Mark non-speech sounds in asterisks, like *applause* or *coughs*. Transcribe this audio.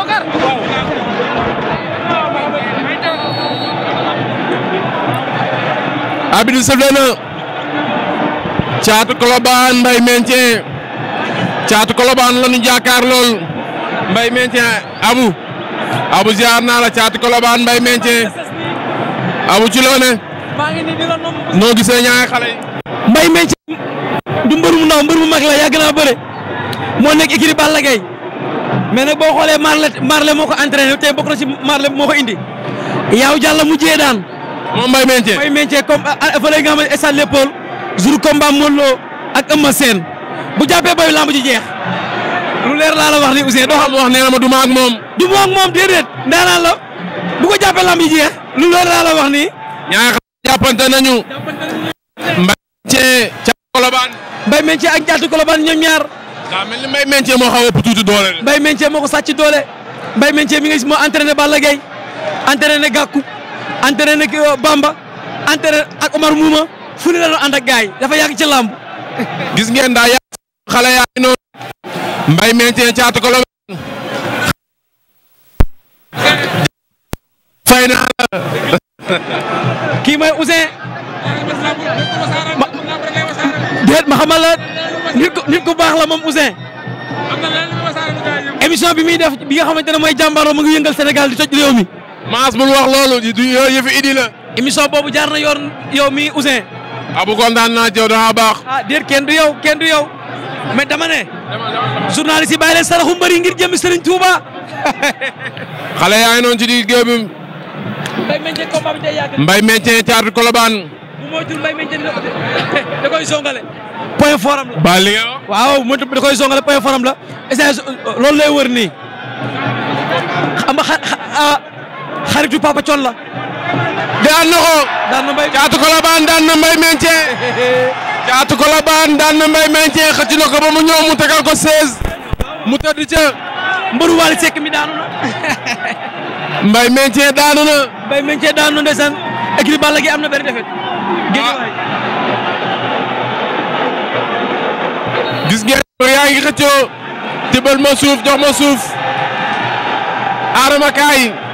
Bokar Abidou sëfle na Caatu Colobane Mbaye Maintien Caatu la ñu jàkkaar lool Mbaye Maintien Abu Abu ziar naa la Caatu Colobane Mbaye Abu ci loo ne noo gisee ñaari du mbër mu ndaw mbër mu mag la yàgg naa bëre moo nekk écurie mais nag boo xoolee Marley Marley moo ko entraîné tey bokk na ci Marley moo ko indi yaaw jàll mujjee daan. moom Mbaye Menthié Mbaye Menthié comme ah, ah, fa lay nga xam ne stade Léopold jour combat ak Eumeu Sène bu jàppee bay lamb ji jeex lu leer laa la wax ni Ousseyn doo xam wax nee na ma du ma moom. du ma moom déedéet ndaanaan la bu ko lamb ji lu leer laa wax ni ñaar jàppante nañu. Mbaye Menthié ca Colobane. Mbaye Menthié ak Jaatu Colobane ñoom ñaar. daa mel moo xaw a ëpp tuuti doole de. Mbaye moo ko sàcc doole Mbaye Menthié mi nga gis moo entraîné Balla Gaye entraîné Gakou entraîné euh, Bamba entraîné ak Omar Mouma fu ne a doon ànd dafa yàgg ci gis ngeen daa yàgg xale noonu. Mbaye Menthié caatu ko fay naa la. kii ma déet ma xamal nit ku baax la moom Ouzin. émission bi muy def bi nga xamante ne mooy jàmbaaroo mu ngi yëngal Sénégal di toj réew mi. maas bul wax loolu du yooyu yëfi idi la. émission boobu jaar na yoon yow mi Ouzin. ah bu kontaan naa yow dafa baax. ah déet du yow kenn du yow mais dama ne. journaliste yi bàyyi leen saraxu mbër yi ngir jëmmi Serigne Touba. xale yaa ngi noonu ci di géej bi. mbay meññee combat bi day bu moytul mbay mi jënd *coughs* koy songale point forum la. ba li nga wax waaw moytu da koy songale point forum la échange loolu lay wër nii xam nga xaritu Papa Thion la. daan na ko. daan na mbay caatu ko la baan daan mbay meñcee. caatu ko la baan daan mbay meñcee xëcc na ba mu ñëw mu tegal ko 16. mu tëdd ca. mbëru Wally Seck mi daanu na. mbay meñcee daanu na. écrit Balla Gaye am na benn defet ah. gis ngeen yaa ngi xëccoo tibal ma suuf jox ma suuf aarama kaay